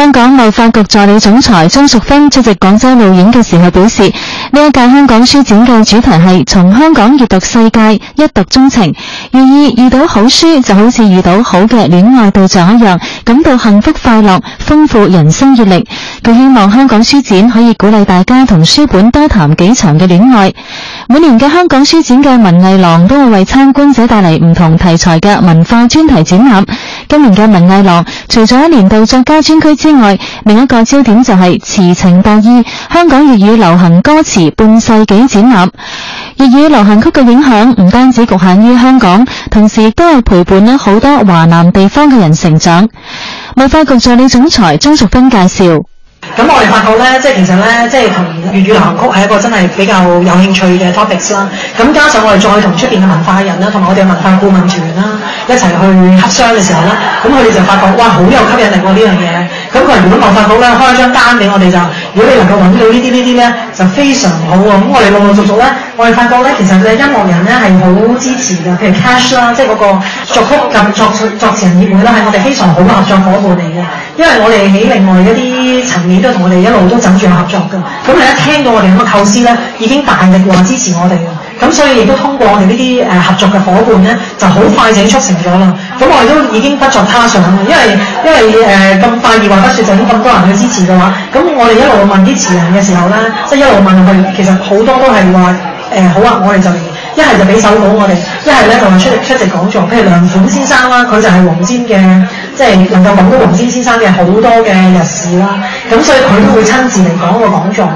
香港貿發局助理總裁鍾淑芬出席廣州路演嘅時候表示，呢一屆香港書展嘅主題係從香港閱讀世界一讀鍾情，寓意，遇到好書就好似遇到好嘅戀愛對象一樣，感到幸福快樂，豐富人生閱歷。佢希望香港書展可以鼓勵大家同書本多談幾場嘅戀愛。每年嘅香港書展嘅文藝廊都會為參觀者帶嚟唔同題材嘅文化專題展覽。今年嘅文藝廊，除咗年度作家專區之外，另一個焦點就係《詞情達意》香港粵語流行歌詞半世紀展覽。粵語流行曲嘅影響唔單止局限於香港，同時都係陪伴咗好多華南地方嘅人成長。文化局助理總裁張淑芬介紹。咁我哋發覺咧，即係其實咧，即係同粵語流行曲係一個真係比較有興趣嘅 topics 啦。咁、嗯、加上我哋再同出邊嘅文化人啦，同埋我哋嘅文化顧問團啦，一齊去協商嘅時候咧，咁佢哋就發覺哇，好有吸引力喎呢樣嘢。咁佢話如果發覺咧開張單俾我哋就，如果你能夠揾到呢啲呢啲咧，就非常好啊。咁我哋陸陸續續咧，我哋發覺咧，其實佢嘅音樂人咧係好支持噶，譬如 cash 啦，即係嗰、那個作曲、作作詞人協會啦，係我哋非常好嘅合作伙伴嚟嘅，因為我哋喺另外一啲。啲層面都同我哋一路都走住合作嘅，咁你一聽到我哋咁嘅構思咧，已經大力話支持我哋啊！咁所以亦都通過我哋呢啲誒合作嘅伙伴咧，就好快就促成咗啦。咁我哋都已經不作他想，因為因為誒咁、呃、快熱話不絕，就已經咁多人去支持嘅話，咁我哋一路問啲詞人嘅時候咧，即、就、係、是、一路問佢，其實好多都係話誒好啊！我哋就嚟一係就俾手稿我哋，一係咧就話出席出席講座，譬如梁款先生啦，佢就係黃霑嘅。即係能夠講到黃霑先生嘅好多嘅歷史啦，咁所以佢都會親自嚟講個講座。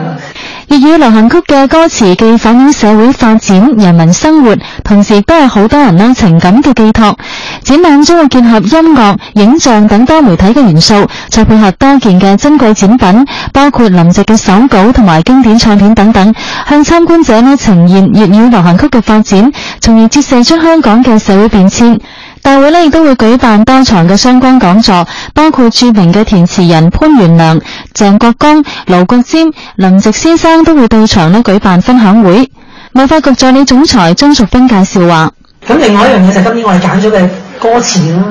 粵語流行曲嘅歌詞既反映社會發展、人民生活，同時都係好多人咧情感嘅寄託。展覽將會結合音樂、影像等多媒體嘅元素，再配合多件嘅珍貴展品，包括林夕嘅手稿同埋經典唱片等等，向參觀者咧呈現粵語流行曲嘅發展，從而折射出香港嘅社會變遷。大會咧亦都會舉辦多場嘅相關講座，包括著名嘅填詞人潘源良、鄭國江、盧國沾、林夕先生都會到場咧舉辦分享會。文化局助理總裁張淑芬介紹話：咁另外一樣嘢就是，今年我哋揀咗嘅歌詞啦，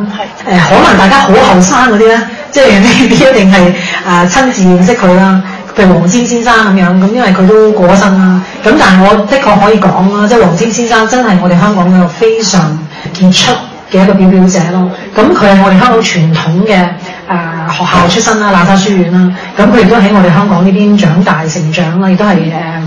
誒是、呃，可能大家好後生嗰啲咧，即係未必一定係啊親自認識佢啦，譬如黃霑先生咁樣，咁因為佢都過咗身啦。咁但係我的確可以講啦，即係黃霑先生真係我哋香港一個非常傑出嘅一個表表姐咯，咁佢係我哋香港傳統嘅誒、呃、學校出身啦，喇沙書院啦，咁佢亦都喺我哋香港呢邊長大成長啦，亦都係誒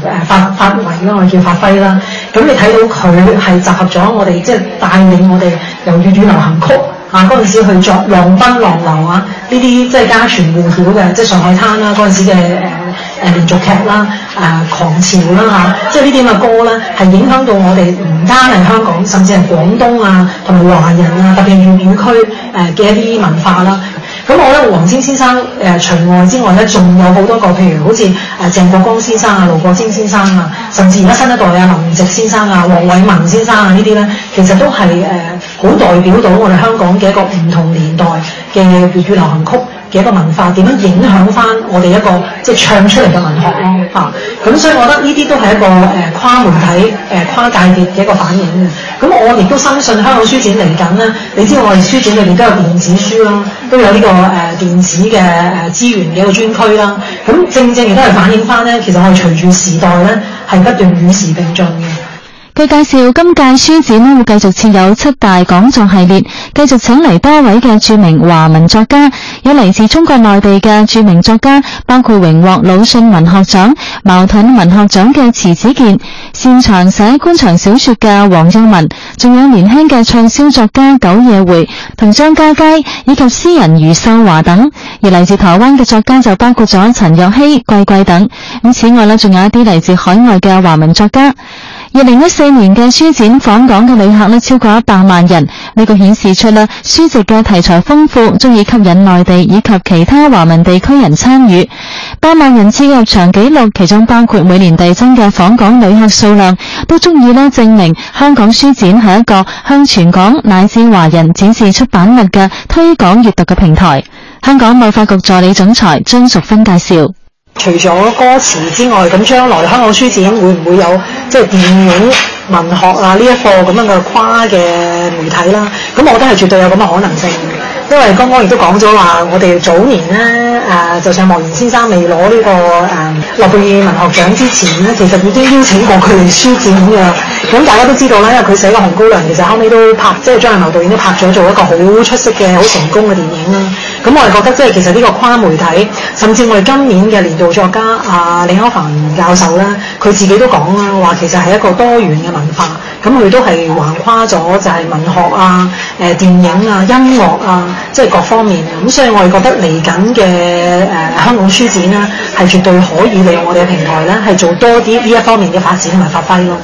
誒發發圍咯，我叫發揮啦，咁你睇到佢係集合咗我哋，即係帶領我哋由粵語流行曲。啊！嗰陣時去作浪奔浪流啊！呢啲即係家傳戶曉嘅，即係上海灘啦、啊，嗰陣時嘅誒誒連續劇啦、啊呃啊，啊狂潮啦吓，即係呢啲咁嘅歌咧，係影響到我哋唔單係香港，甚至係廣東啊，同埋華人啊，特別係粵語區誒嘅一啲文化啦、啊。咁我覺得黃霑先生誒、呃、除外之外咧，仲有好多個譬如好似誒鄭國江先生啊、盧國沾先生啊，甚至而家新一代啊林夕先生啊、黃偉文先生啊呢啲咧，其實都係誒好代表到我哋香港嘅一個唔同年代嘅粵語流行曲。嘅一個文化點樣影響翻我哋一個即係唱出嚟嘅文學咧嚇，咁、啊、所以我覺得呢啲都係一個誒、呃、跨媒體誒、呃、跨界別嘅一個反應嘅。咁、啊、我亦都深信香港書展嚟緊啦，你知道我哋書展裏邊都有電子書啦，都有呢、這個誒、呃、電子嘅誒、呃、資源嘅一個專區啦。咁、啊、正正亦都係反映翻咧，其實我哋隨住時代咧係不斷與時並進嘅。據介紹，今屆書展呢會繼續設有七大講座系列，繼續請嚟多位嘅著名華文作家，有嚟自中國內地嘅著名作家，包括榮獲魯迅文學獎、茅盾文學獎嘅遲子建，擅長寫官場小說嘅黃英文，仲有年輕嘅暢銷作家九夜茴同張嘉佳，以及詩人余秀華等。而嚟自台灣嘅作家就包括咗陳若曦、季季等。咁此外啦，仲有一啲嚟自海外嘅華文作家。二零一四年嘅書展訪港嘅旅客咧超過一百萬人，呢、這個顯示出咧書籍嘅題材豐富，足以吸引內地以及其他華文地區人參與。百萬人次嘅入場紀錄，其中包括每年遞增嘅訪港旅客數量，都足以咧證明香港書展係一個向全港乃至華人展示出版物嘅推廣閱讀嘅平台。香港貿發局助理總裁張淑芬介紹。除咗歌詞之外，咁將來香港書展會唔會有即係、就是、電影文學啊呢一個咁樣嘅跨嘅媒體啦？咁我覺得係絕對有咁嘅可能性，因為剛剛亦都講咗話，我哋早年咧誒、呃，就請莫言先生未攞呢個誒諾貝爾文學獎之前咧，其實已經邀請過佢嚟書展噶。咁大家都知道啦，因為佢寫嘅紅高粱，其實後尾都拍，即係張藝謀導演都拍咗，做一個好出色嘅、好成功嘅電影啦。咁我哋覺得即係其實呢個跨媒體，甚至我哋今年嘅年度作家啊、呃、李歐梵教授咧，佢自己都講啦，話其實係一個多元嘅文化，咁佢都係橫跨咗就係文學啊、誒、呃、電影啊、音樂啊，即係各方面。咁所以我哋覺得嚟緊嘅誒香港書展咧，係絕對可以利用我哋嘅平台咧，係做多啲呢一方面嘅發展同埋發揮咯。